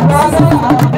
Obrigada.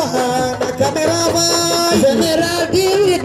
Johan, la cámara va. General, dime.